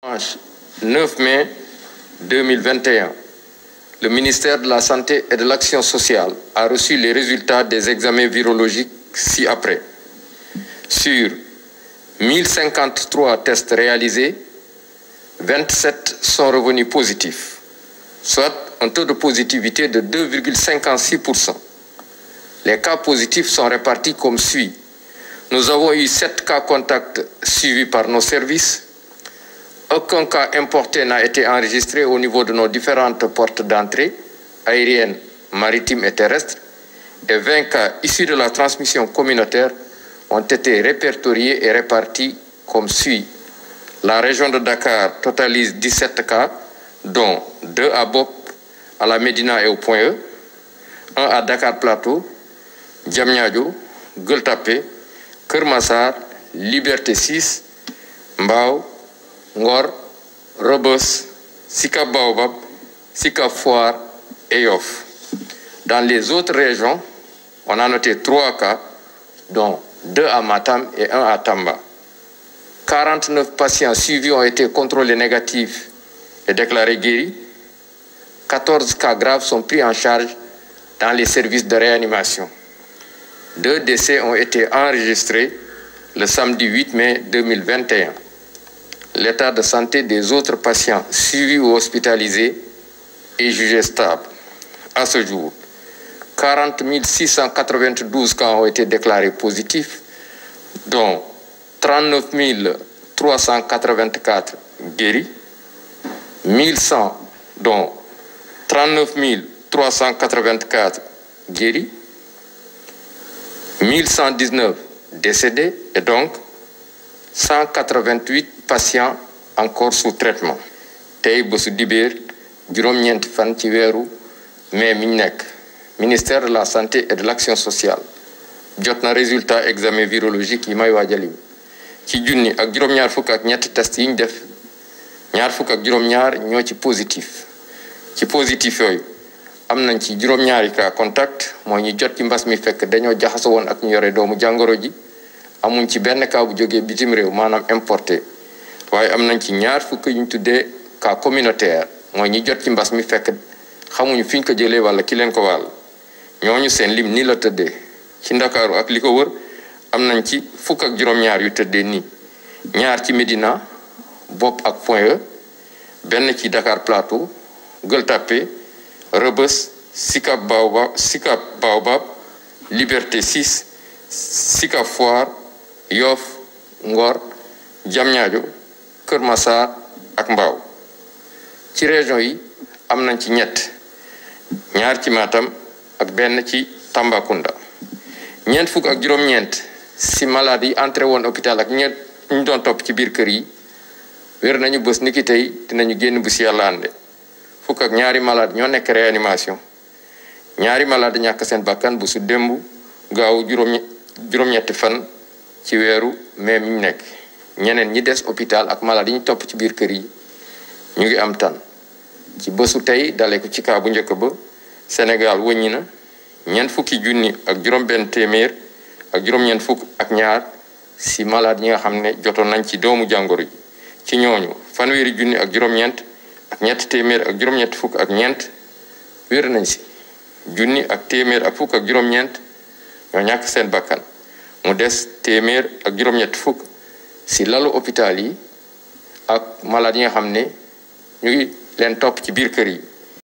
dimanche 9 mai 2021, le ministère de la Santé et de sociale a les résultats des examens virologiques ci-après. Sur 1053 tests réalisés, 27 sont revenus positifs, soit un taux de positivité de 2,56%. Les cas positifs sont répartis comme suit. Nous avons eu 7 cas contacts suivis par nos services, Aucun cas importé n'a été enregistré au niveau de nos différentes portes d'entrée, aériennes, maritimes et terrestres, et 20 cas issus de la transmission communautaire ont été répertoriés et répartis comme suit. La région de Dakar totalise 17 cas, dont 2 à Bop, à la Médina et au Point E, à Dakar Plateau, Djamnyadjo, Gueltapé, Kermassar, Liberté 6, Mbao, Ngor Rebeuss Sicap Baobab Sicap Foire et Yoff. Dans les autres régions, on deux à Matam et à Tamba. 49 patients suivis ont été contrôlés négatifs et déclarés guéris. 14 cas graves charge dans les services de réanimation. Deux décès ont été enregistrés le samedi 8 mai 2021. l'état de santé des autres patients suivis ou hospitalisés est jugé stable. À ce jour, 40 692 cas ont été déclarés positifs, dont 39 384 guéris, 1100 dont 39 384 guéris, 1119 décédés et donc 188 patient encore su traitement tey bésu dibéer juróom-ñeenti fan ci weeru mais mi ñu nekk ministère de la santé et de l'action sociale jot na résultat examen virologique yi may waa waajalim ci junni ak juróom-ñaar fukk ak ñetti test yi ñu def ñaar fukk ak juróom-ñaar ñoo ci positif ci positif yooyu am nañ ci juróom-ñaari cas contact mooy ñu jot ci mbas mi fekk dañoo jaxaso woon ak ñu yore doomu jàngoro ji amuñ ci benn cas bu jógee bitim réew maanaam importé waaye am nañ ci ñaar fukk yu ñu tuddee cas communautaire mooy ñi jot ci mbas mi fekk xamuñu fiñ ko jëlee walla ki leen ko wàll ñu seen lim ni la tëddee ci ndakaaru ak li ko wër am nañ ci fukk ak juróom-ñaar yu tëddee nii ñaar ci Médina Bopp ak Point E benn ci Dakar Plateau Gueule Tapée Rebeuss Sicap Baobab Sicap Baobab Liberté 6 Sicap Foire Yoff Ngor jamñaajo Kër Massar ak Mbao ci région yi am nañ ci ñett ñaar ci Matam ak benn ci Tambacounda ñeent fukk ak juróom-ñeent si malade yi entré woon hôpital ak ñeent ñu doon topp ci biir kër yi wér nañu bës ni ki tey dinañu génn bu si yàlla ànde fukk ak ñaari malade ñoo nekk réanimation ñaari malade ñàkk seen bakkan bu su démb gaaw juróom ñetti fan ci weeru mai mi ñu nekk ñeneen ñi des hôpital ak malade yi topp ci biir kër yi ñu ngi am tan ci bësu tey dale ci kaa bu njëkk ba Sénégal wëññi na ñeent fukki junni ak juróom-benn téeméer ak juróom-ñeent fukk ak ñaar si malade ñi nga xam ne jotoon nañ ci doomu jàngoro ci ñooñu fanweeri junni ak juróom-ñeent ak ñett téeméer ak juróom fukk ak ñeent wér nañ si junni ak téeméer ak fukk ak juróom-ñeent ñoo ñàkk seen bakkan mu des téeméer ak juróom-ñett fukk si lalu hôpital yi ak malade yi nga xam ne ñu leen topp ci biir kër yi